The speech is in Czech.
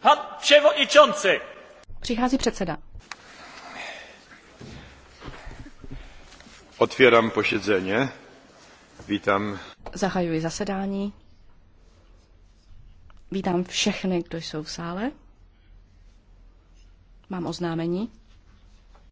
Pan Přichází předseda. Otvírám pošedzeně. Vítám. Zahajuji zasedání. Vítám všechny, kdo jsou v sále. Mám oznámení.